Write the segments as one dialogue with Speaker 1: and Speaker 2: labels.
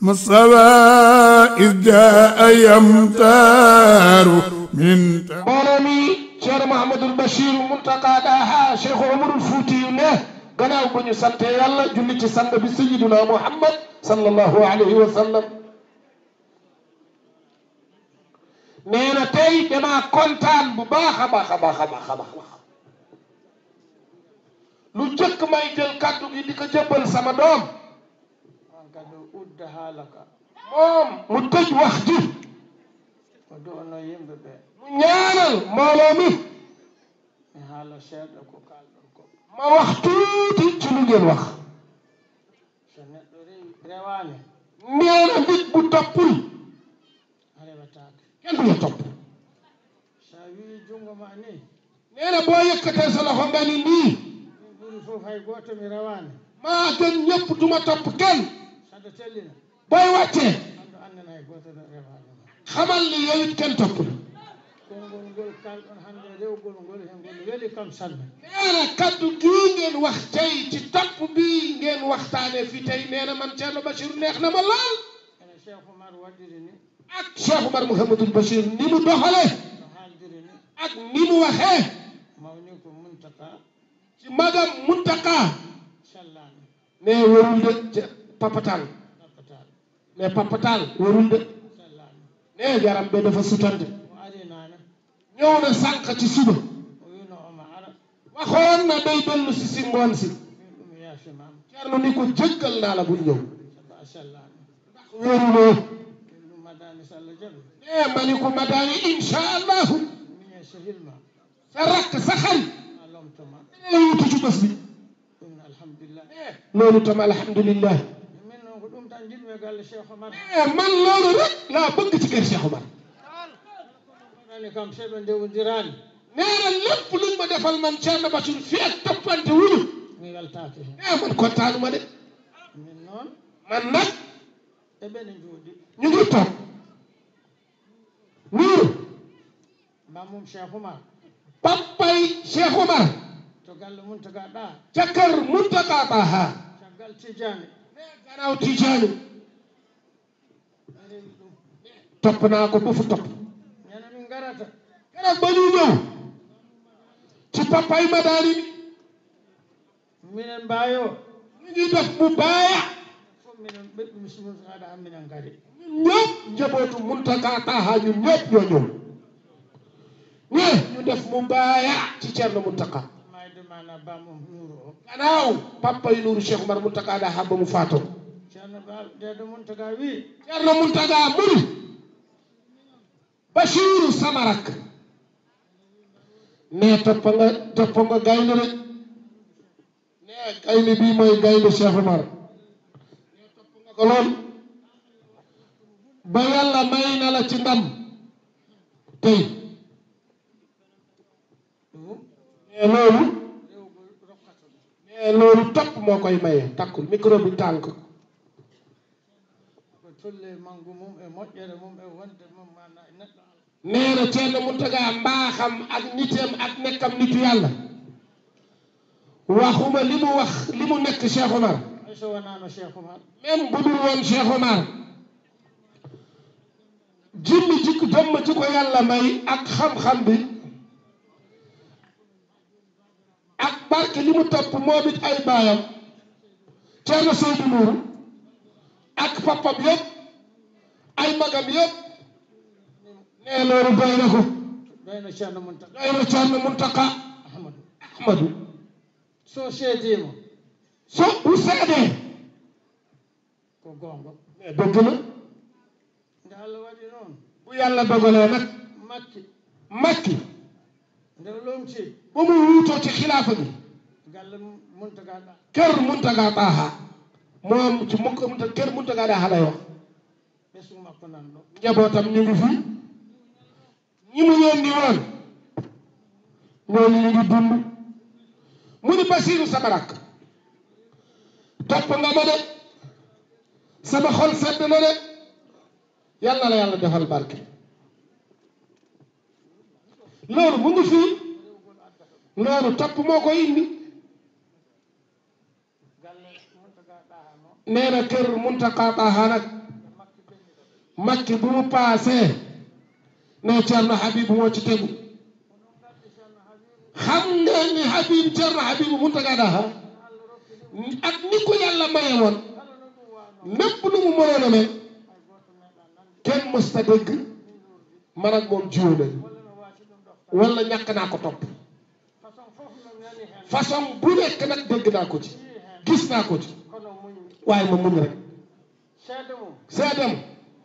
Speaker 1: masawa is jaa yamtaaru min mbooloo mi Cheikh Mouhamadul Bachir Muntaqa Daha Cheikh Omarul Fuutiyu ne gannaaw bu ñu sante yàlla julli ci sang bi sayiduna Muhammad sallallahu alayhi wa sallam nee na tey damaa kontaan bu baax a baax a baax a baax a baax lu jëkk may jël kàddu gi di ko jëbbal sama doom mu tëj wax ji
Speaker 2: mu ñaanal mbooloo
Speaker 1: mi ma wax tuuti ci lu wax neena nit toppul a neena boo yëkkatee sa loxo nii maa gën ñëpp duma topp booy wàccee xamal ni yow it kenn topp la nee na kaddu gii ngeen wax tey ci topp bi ngeen waxtaane fi tey nee na man Thierno Bachir neex na ma lool ak Cheikh Oumar Mouhamadul Bachir ni mu doxale ak ni mu waxee ci magam Muntaka nee warul de papatal mais de nee yaram be dafa sutante ñëw na sànq ci suba waxoon na day dellu si si ngoon si Ceerno ni ko jëggal naa la bul ñëw nee ma madaani insha allahu sa rakk sa xal dana la wutu ci bés alhamdulillah mais eh, man loolu rek laa bëgg ci kër Cheikh Omar. nee na defal man Thierno Bachir fii ak toppante wuñu. nee eh, man kontaanu ma de. man nag. ñu ngi toog. nii. papay Cheikh Omar. ca kër Muntaga Baaha. nee gannaaw Tijaani. topp naa ko ba fu topp keroog ba ñuy ñëw ci papay madaani minen mbaayoo ñu ngi def bu baaya minen ɓeɗɗum sumusaɗa am minen kadi ñëpp njabootu muntaka taha ñun ñëpp ñu def mu baaya ci Ceerno Muntaka gannaaw papay nuuru Cheikh Umar Muntaka daa xam ba mu faatoo ceerno muntaga wi ceerno muntaga ɓuri bashiru samarak ne gaynde de ne gaynde bi mooy gaynde Cheikh ba yàlla may na la ci ndam tey ne loolu topp moo koy maye takkul micro bi tànk E e e nee na Thierno Mountaga mbaaxam ak niteem ak nekkam nitu yàlla. waxuma li wax li nekk Cheikh Omar. même bu dul woon Cheikh ko yàlla may ak xam-xam bi. ak barke li topp moom ay baayam. Thierno Seydou Nour ak papam yëpp. ay magam yëpp nee loolu doy na ko doy na Cheikh Mountakha doy na Cheikh Mountakha Ahmadou Ahmadou soo seetee ma soo bu seetee bu yàlla dogalee makki makki nder lomti ba mu wuutoo ci xilaafa bi galle Mountakha kër Mountakha Taaha moom ci mu njabootam ñu ngi fi ñi mu yónni woon ñooñu ñu ngi dund mu ni Basiiru sama topp nga ma de sama xol sedd na de yàlla la yàlla defal barke loolu mu ngi loolu topp moo ko indi nee na kër Muntaqa match bu mu paasee ne Thierno Habib moo ci tegu xam ngeen ni Habib Thierno Habib Mountaga Daha ak ni ko yàlla maye woon lépp lu mu mënoon a may kenn mës ta dégg man moom jiw nañu ñàkk naa ko topp façon bu nekk nag dégg naa ko ci gis naa ko ci waaye ma muñ rek seedam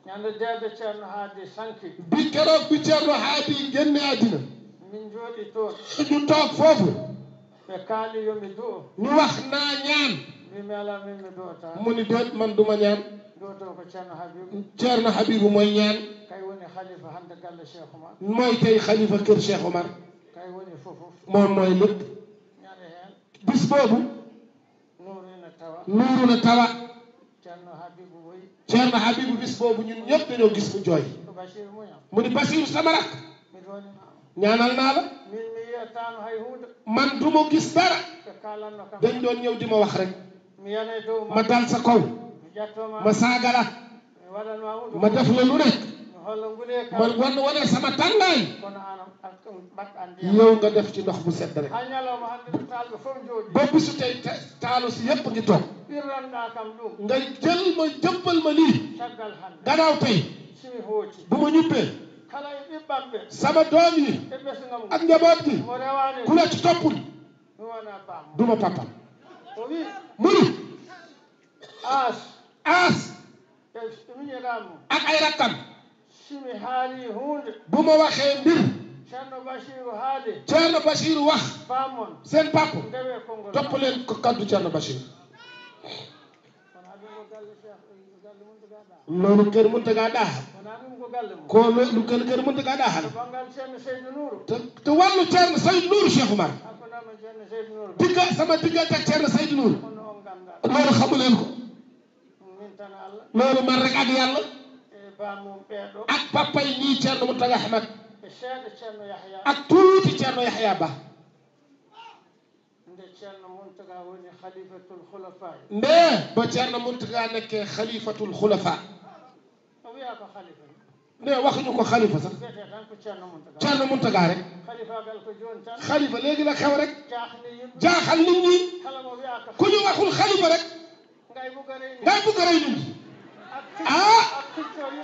Speaker 1: ñande deede ceerno haadi sanki bi keroog bi ceerno haadi génne àddina na jooɗi toon ñu toog foofu ɓe wax naa ñaan mimi ala doot man duma ñaan du'oto ko habibu mooy ñaan mooy kay xalifa kër cheikh oumar moom mooy lépp bis boobu nuuru na tawa ceerno habibu bis boobu ñun ñëpp dañoo gis mu jooy mu ni basiru sama rakk ñaanal naa la man du ma gis dara dañ doon ñëw di ma wax rek ma dal sa kaw ma saaga ma def la lu nekk man wan wane sama tàngaay yow nga def ci dox bu sedd ba bisu tey taalu si yépp ngi toog nga jël ma jëmbal ma lii gannaaw tey bu ma ñubbee sama doom ak njaboot gi ku toppul du ma pàppal mu aas ak ay rakkam simi haali bu ma waxee mbir ceerno bachiru haali ceerno bachiru wax faamon seen papp topp leen ko kaddu ceerno bachiru loolu kër muntaga ɗaaxal ko loolu kër kër muntaga ɗaaxal te te wàllu ceerno saydou nouru cheikh oumar digga sama diggante ak ceerno saydou nouru loolu xamu leen ko loolu man rek ak yàlla ak papa yi ñii Thierno Mountaga Ahmed ak tuuti Thierno Yahya Ba ndee ba Thierno Mountaga nekkee xalifatul xulafa ndee waxuñu ko xalifa sax Thierno Mountaga rek xalifa léegi la xew rek jaaxal nit ñi ku ñu waxul xalifa rek ngay bugg a rey nit ñi ah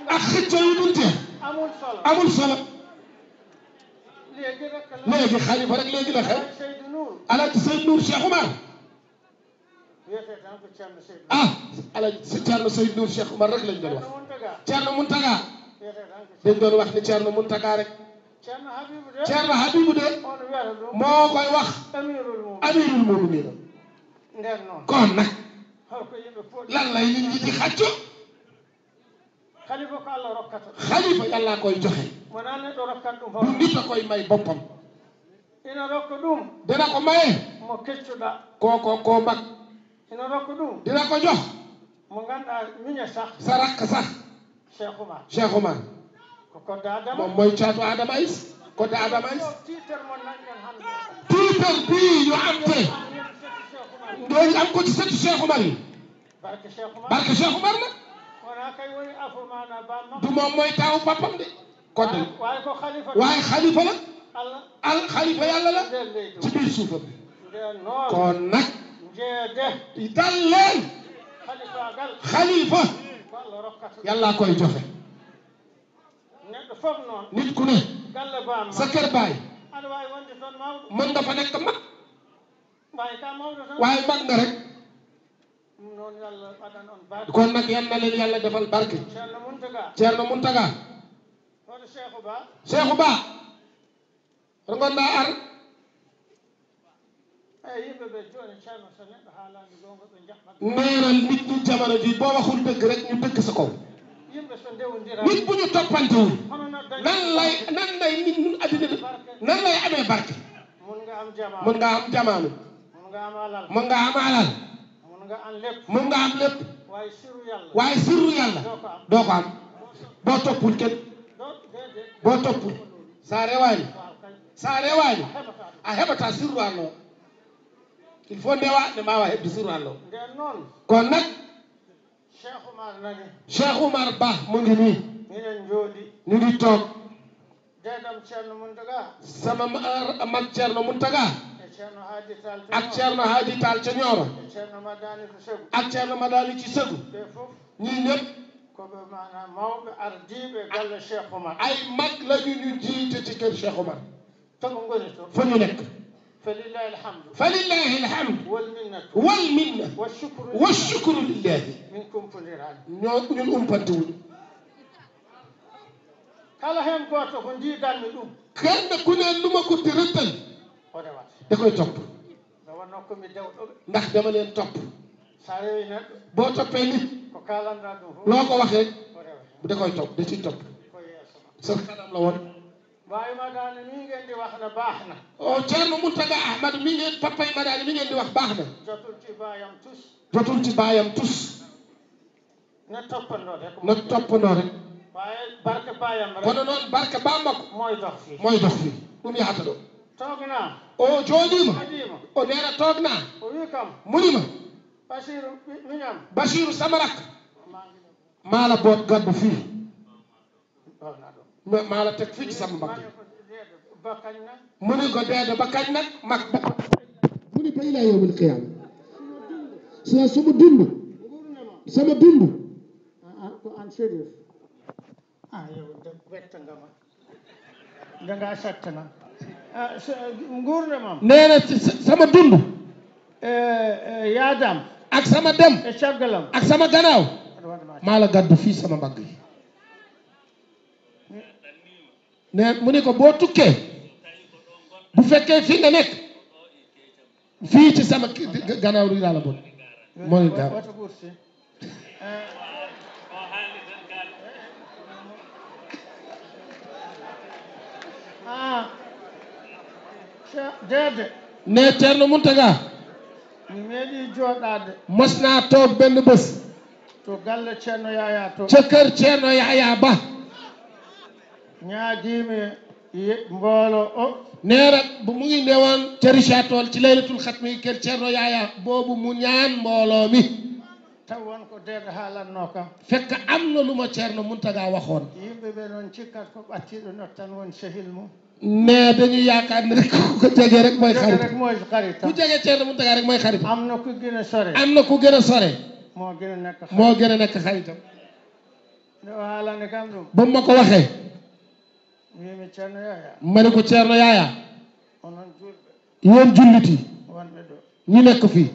Speaker 1: ak xëccoo yi duntee amul solo léegi xalifa la xew si ah, Thierno Seydou Nour Cheikh Oumar rek lañ doon wax ni Thierno Mountaga rek Thierno de moo koy wax amirul mu'minin kon nag lan ñi di xàccoo xalifa ko allah rokkata ko maye mo keccuɗa koko ko mag ina rokka mo ganduɗa miñe sah sa ko kodde adama moom mooy caatu adama ays kodde adama am ko ci sëtu cheikh oumar barke cheikh oumar barke du moom mooy taawu papam de côté waaye xalifa la al xalifa yàlla la ci biir suufam kon nag dal xalifa yàlla koy joxe nit ku ne sa kër baay mën nga fa nekk mag waaye mag nga rek kon nag yan na leen yàlla defal barke. Ceerno Muntaga. Seexu Ba. Rongonda ar. Eh, neena nit ñi jamono ji boo waxul dëgg rek ñu dëgg sa kaw. nit bu ñu toppantewul. nan lay nan lay nit ñun addina nan lay amee barke. mën nga am jamaanu. mën nga am alal. nga am mun nga am lépp waaye siru yàlla doo ko boo toppul kenn boo toppul sa rewaani sa rewaani a heɓata sirru allah o il faut ndewa ne mbawa heɓde sirru allah o nden noon kono nag cheikh oumar ba mo ngi nii ni ngi toog deedam ceerno muntaga sama ah, mag ceerno muntaga ak Thierno Hadi Tall ca Nioro ak Thierno Madani ci Segu ñii ñëpp ay mag lañu ñu jiite ci kër Cheikh Omar fa ñu nekk فلله الحمد فلله الحمد والمنة والمنة والشكر والشكر لله منكم فليران نون أمبتون kala hen goto ko jiidanmi ɗum kende kunen luma ko dirtel da koy topp ndax dama leen topp boo toppee nit loo ko wax da koy topp da ciy topp sa kanam la woon waaye ma daal ne mi ngeen di wax na o oh, Ceerno Muntaga Ahmad mi ngeen papa yi ma daal mi ngeen di wax baax na jotul ci baayam tus jotul ci baayam tus na toppandoo rek na toppandoo rek waaye barke baayam rek kono noon barke baam ma ko mooy dox fii mooy dox fii toog naa o jooɗi oh, ma o neena toog naa o wii kam muni ma basiru miñam basiru sama rakk oh, maa la boot gàddu fii oh, maa la teg fii ci sama mbagg mu ni ko deede ba kañ nag mag ba mu ni ba ilaa yawmil qiyaam c'est sama dund sama dund ko an sérieux ah yow da wetta nga ma da ngaa sàcc na Ah, nguur de sama dund. Eh, eh, ak sama dem. Eh, càggalam ak sama gannaaw. maa la gàddu fii sama mbagg yi. mu ne ko boo tukkee. bu fekkee fii nekk. fii ci sama gannaaw li laa la bon. mooy gaaw. deede ne Thierno Mountaga mi meeɗi jooɗaade mosnaa toog benn bés to galle Ceerno Yaya to ca kër Ceerno Ba mboolo o nee bu mu ngi newoon ca Richard Toll ci laylatul xatmi kër Ceerno Yaya boobu mu ñaan mbooloo mi taw won ko deeɗo haalatnoo kam fekk am na lu ma Ceerno Mountaga waxoon yimɓe mais dañuy yaakaar ne rek ku ko jege rek mooy xarit rek mooy xarit ku jege rek mooy xarit am na ku gën a sore am na ku gën a sore moo gën a nekk moo gën a nekk xaritam ba mu ma ko waxee ma ne ko Thierno Yaaya yéen jullit yi ñu nekk fii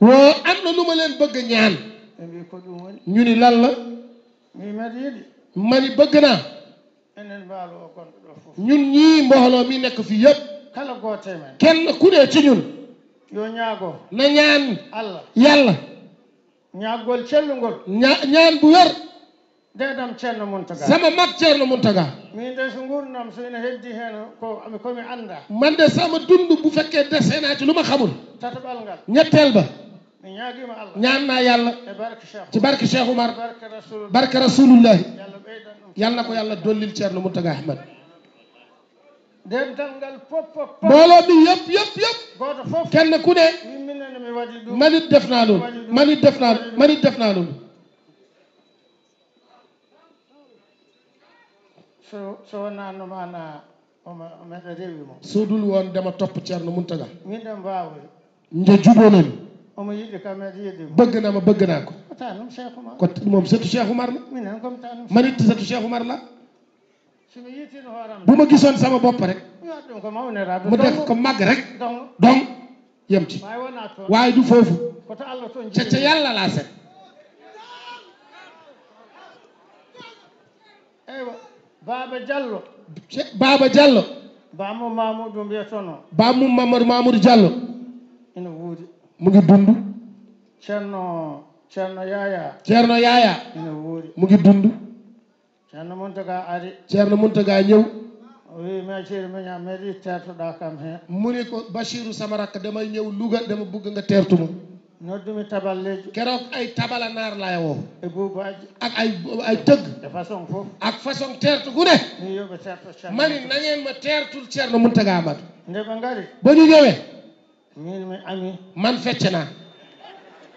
Speaker 1: woo am na lu ma leen bëgg ñaan ñu ni lan la ma ni bëgg naa ñun ñii mbooloo mi nekk fii yëpp. kala goote men kenn ku ne ci ñun. yo ñaago na ñaan. allah yàlla. ñaagol ña ñaan bu wér. deedam ceerno Muntaga sama mag ceerno Muntaga min de so gurdam so man de sama dund bu fekkee dese naa ci lu ma xamul tataɓal ñetteel ba ñaan naa yàlla ci barke Cheikh Umar barke rasulullahi yàlla na ko yàlla dollil Ceerno Muntaga Ahmad mbooloo mi yëpp yëpp yëpp kenn ku ne man it def naa loolu man it def naa man def naa loolu soo dul woon dama topp Ceerno Muntaga nde juboo nañu bëgg na ma bëgg naa ko. kon moom sëtu Cheikh Umar la. man it sëtu Cheikh Umar la. bu ma gisoon sama bopp rek. mu def ko màgg rek. donc yem ci. waaye du foofu. ca ca laa set. Baba Diallo. Baba Diallo. Baamu Mamadou Mbiyetono. Baamu mu ngi dund. Cerno Cerno Yaaya. mu ngi dund. Cerno Muntaga ari. Cerno Muntaga ñëw. oui monsieur Mignane teertuɗaa kam heen. mu ne ko Bachirou sama rakk damay ñëw Louga dama bëgg nga teertu ma. noddumi taballeeji keroog ay tabala naar lay woo ay tëgg ak façon teertu gu ne min ma teertul Ceerno Muntaga Amadu nde ɓe ngari ba ñu ñëwee min man fecc naa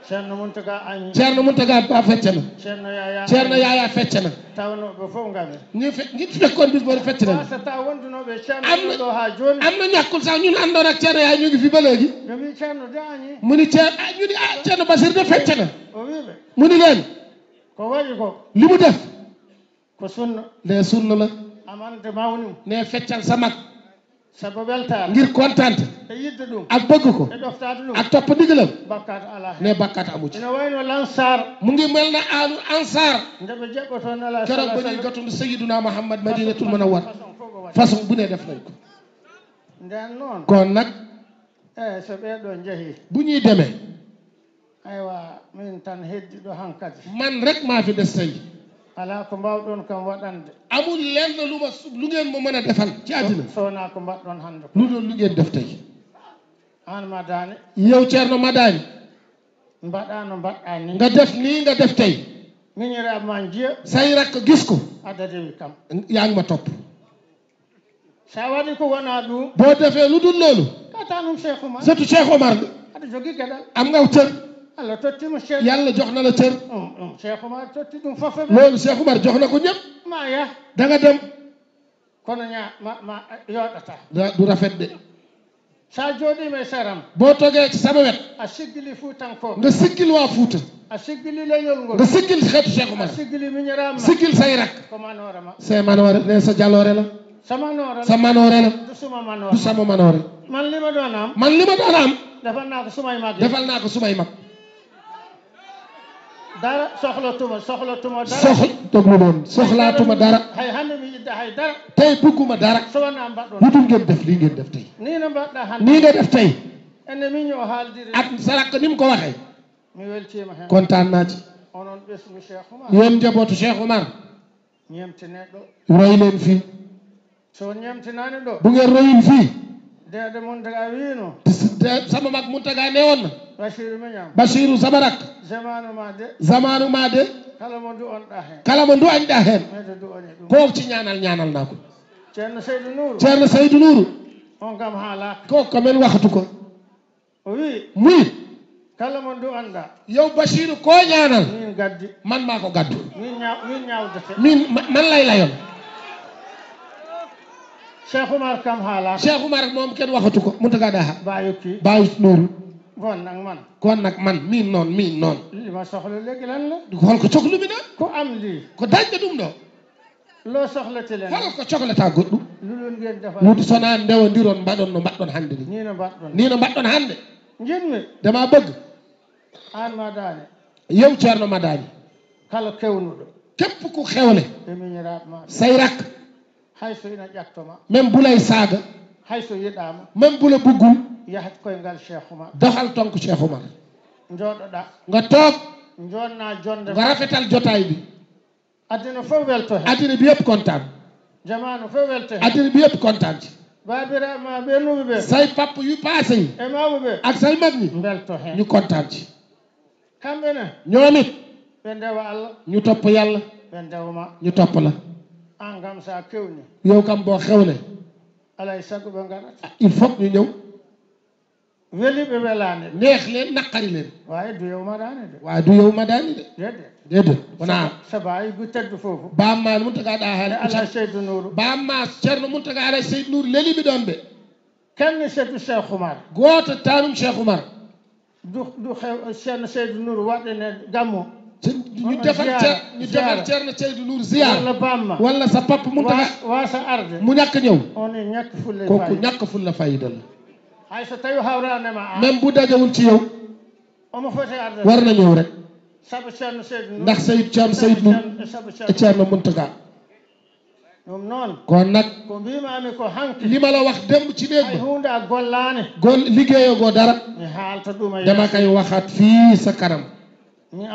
Speaker 1: ceerno muntaga te ceerno muntaga ba fecc na ceerno yaya ceerno yaya fecc na tawnoɓe fof ngami ñi ñittude kon bis boon fecc sa taw wondunoɓe ceernoɗo ha joni am fi ba léegi yomi ceerno de ani mu ni ceer ah, ñu ni ah, basir de fecc na o wiɓe def ko sunna la amante ma sa mag sabu weltaare ngir kontaan e yidde ɗum ak bëgg ko e ɗoftaade ɗum ak topp ndigalam ne bakkaatu amu ci mu ngi mel na aalu keroog ba ñuy sayiduna mouhammad madinatul munawwar façon bu ne def nañ ko kon nag eh, bu ñuy demee aywa man rek maa des tawi ala ko mbawɗon kam waɗande lu ngeen mo a defal ci àddina sowna ko mbaɗɗon hannde lu doon lu def tey an ma daane yow ceerno ma no mbaɗɗa nga def nii nga def say rakk gis ko addadewi ma topp sa defee lu dul loolu kata ɗum cheikh am nga cër Allah tottima Cheikh yàlla jox na la cër. loolu Cheikh jox na ko ñëpp. ma ya da nga dem. kono ma ma yooɗata. du rafet de. boo toogee ci sama wet. a siggili Fuutankoo. nga siggil waa Fuuta. a siggili leñol ngol. nga siggil xeetu Cheikh Oumar. a siggili miñiraam ma siggil say rak. ko manoore ma. say manoore ne sa jaloore la. sa manoore la sa du sama manoore. man li ma doon naa ko sumay mag defal naa ko sumay mag. dara soxlatuma soxlatuma dara sox déglu doon soxlaatuma dara hay hande mi yidda hay dara tey bugguma dara sowona mbaɗɗon def lii ngeen def tey ni no mbaɗɗa hande nii nga def tey ene min o haaldiri ak sarakko ni mu ko waxee mi weltima hen kontaan naa ci onon ɓesgu cheikh oumar yéen njabootu cheikh oumar ñemtineɗo roy leen fii so ñemtinani ɗo bu ngeen royin fii sama mag mun taga ne woon bashiru sabarak zamanu ma de kala mo du'anɗa hen gofci ñanal ñanal nako ceerno seydou nouru ko komin wakatu ko muy kala mo du'anɗa yow bashiru ko ñanal man ma ko gaddu min man lay layon cheikh oumar kam haala cheikh oumar moom ken wakatu ko muntaga ɗaha bayukki bayut nouru kon nag man. kon nag man mii noon mii noon. li ko cohlu na. ko am ɗum ɗo. loo soxla ci leen. holo ko cohlata goɗɗum. lulun ngeen defar wuti mbaɗon no mbaɗɗon hannde ni. nii no mbaɗɗon nii dama bëgg. aan ma daane. yow ceerno ma daane. kala kewnuɗo. képp ku xewle. emiñiraat ma. saaga. hay so yiɗaama. yahat koyngal cheikh oumar doxal tonk cheikh oumar jooɗoɗa nga toog jonna jonde nga rafetal jotaay bi addina fof welto hen addina bi yëpp kontaan jamanu fof kontaan ci babirama ɓe nuɓe ɓe say papp yu passé yi e maɓe ɓe ak say mag ñi belto hen ñu kontaan ci kamɓe ne ñoomit ɓe ndewa allah ñu topp yàlla ɓe ndewma ñu topp la an kam sa kewni yow kam boo xewle alay sago ɓe gaɗata il ñëw weli ɓe welaani neex leen naqari leen waaye du yow ma daani de waaye bu teddu foofu bamma Muntaga ɗa haali ala Seydou Nourou bamma ceerno Muntaga ala Seydou Nourou leli ɓe ɗon ɓe kenn seetu Cheikh Oumar gooto tanum Cheikh Oumar du du sa pap Muntaga waasa arde mu ñàkk ñëw on ñàkk fulla fulla fayda la hay so tawi hawranema a ah. même bu dajewul ci yow omo foti war na ñëw rek saabu ndax sayid caam sayid nu a ceerno na ɗum noon kon nag ko mbimami ko li ma wax dem ci néeg ba hunde a gollaani dara mi haalta ɗum dama koy waxaat fii sa kanam min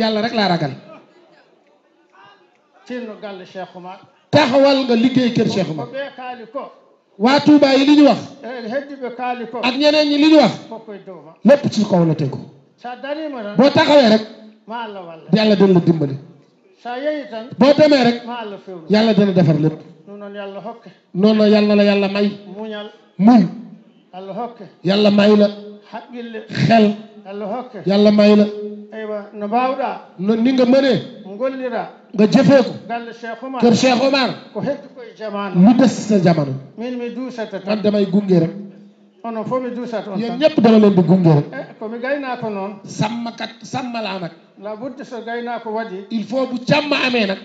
Speaker 1: yàlla rek laa ragal tinno galle taxawal nga liggéey kër cheikh waa Touba yi li ñu wax eh, ak ñeneen ñi li ñu wax lépp ci kaw la tegu boo taxawee rek yàlla dina la dimbali boo demee rek yàlla dina defar lépp noonu la yàlla la yàlla may muñ yàlla may la xel yàlla may la no ni nga mënee gollira nga jëfee ko galle Cheikh Omar kër Cheikh Omar ko heddi koye lu des sa jamono min mi duusata tan man damay gunge rek onon fof mi duusata on ñëpp dama leen di gunge rek e eh, komi gaynaako noon sàmmkat sàmmalaa nag la budde so gaynaako waɗi il faut bu càmm amee nag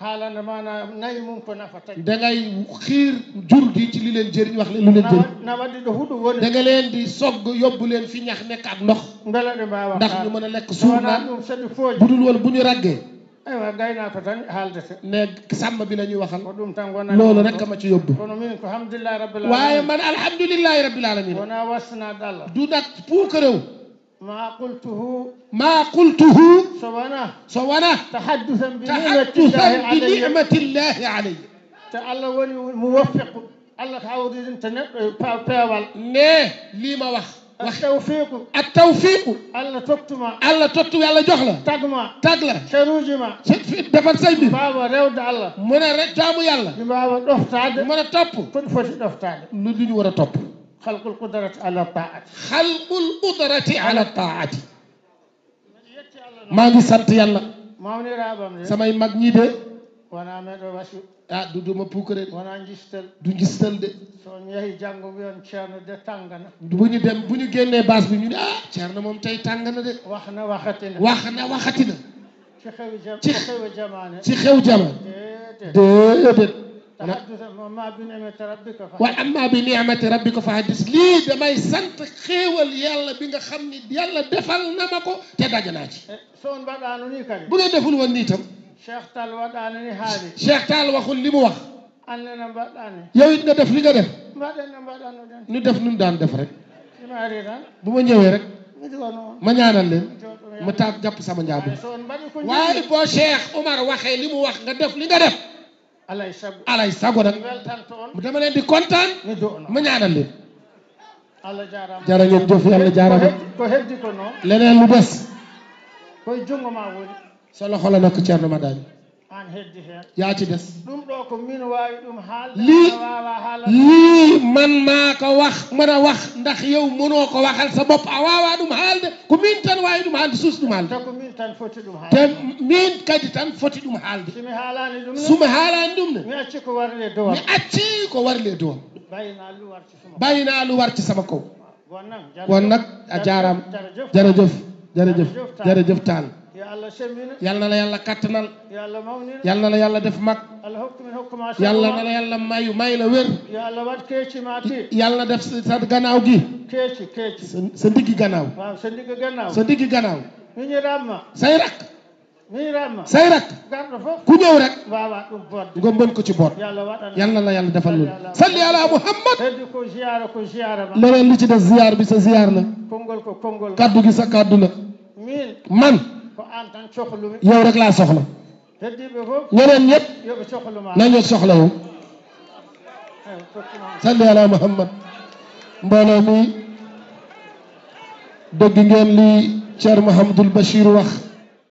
Speaker 1: haalande maana nayi mum ko nafata da ngay xiir jur gi ci li leen jëriñ wax lu leen jëriñ na wadde ɗo huɗo woni da nga leen di sogg yóbbu leen fi ñax nekk ak ndox mbela ɗe mbawa ndax ñu mën a lekk suuf naan ɗum saɗi fooji budul woon bu ñu raggee eywa gayna ko tan haaldete ne sàmm bi la ñuy waxal ko ɗum tan wona loolu rek ma ci yóbbu kono min ko hamdulillahi rabbil alamin waaye man alhamdulillahi rabbil alamin wona wasnade allah du nag puukarew ma qultuhu ma qultuhu so wona so wona tahaddusan bi nicmatillahi aley te allah woni muwaffiqu allah ko hawriɗin te neɗɗo eh, peewal ne lii ma wax wax tawfiiqu ak tawfiiqu allah tottuma allah tottu yàlla jox la tagma tag la cerujima defar say bi mbawa rewde allah mu ne rek jaamu yàlla mi mbawa ɗoftade mu ne topp foti foti ɗoftade lu lu ñu war a topp xalqul qudrati ala taati xalqul qudrati ala taati maa ngi sant yàlla mawniraɓam samay mag ñii de wona meɗo wasi a ah, duduma pukare wona gistal du gistal de so yeehi janngo mbiyon ceerno de tangana bu ñu dem bu ñu génnee base bi ñu ne ah moom tey tàngana na waxatina wax na waxatina ci xew ci xew jamane ci xew wa amma bi niamati rabbika fa hadis lii damay sant xéewal yàlla bi nga xam ni yàlla defal na ma ko te dajanaa ci eh, so on mbaɗaano deful woon nii tam Cheikh Tall waɗaani ni waxul li mu wax annene yow it nga def li nga def mbaɗen ne mbaɗanno ñu def nu daan def rek ima ari bu ma ñëwee rek ma ñaanal leen ma taat jàpp sama njaabu waaye boo Cheikh Omar waxee li mu wax nga def li nga def alay sago alay sago dama leen di kontaan ma ñaanal leen jërë ngeen jëf yàlla jaarama ko lu des ma solo loxo la nekk Thierno yaa ci des ɗum ɗo ko min lii man maa ko wax mën wax ndax yow mënoo ko waxal sa bopp a ah, waawaa ɗum haalde ko min tan waawi ɗum haalde sus ɗum haalde ko min tan foti ɗum haalde te min kadi tan foti ɗum haalde sumi haalaani ɗum ne sumi ne mi acci ko warli e dow mi acci ko warli e sama kaw won nag a jaaraama jërëjëf jërëjëf jërëjëf taal yal na la yàlla kàttanal yal na la yàlla def mag yal na la yàlla mayu may la wér yal na def sa gannaaw gi sa ndiggi gannaaw sa ndiggi gannaaw say rakk say rakk ku ñëw rek nga mën ko ci boot yal na la yàlla defal loolu salli ala muhammad leneen li ci def ziyaar bi sa ziyaar la kaddu gi sa kaddu la man yow rek laa soxla ñeneen ñëpp nañu soxlawu salli ala muhammad mbooloo mi dégg ngeen li Cheikh Mouhamadul Bachir wax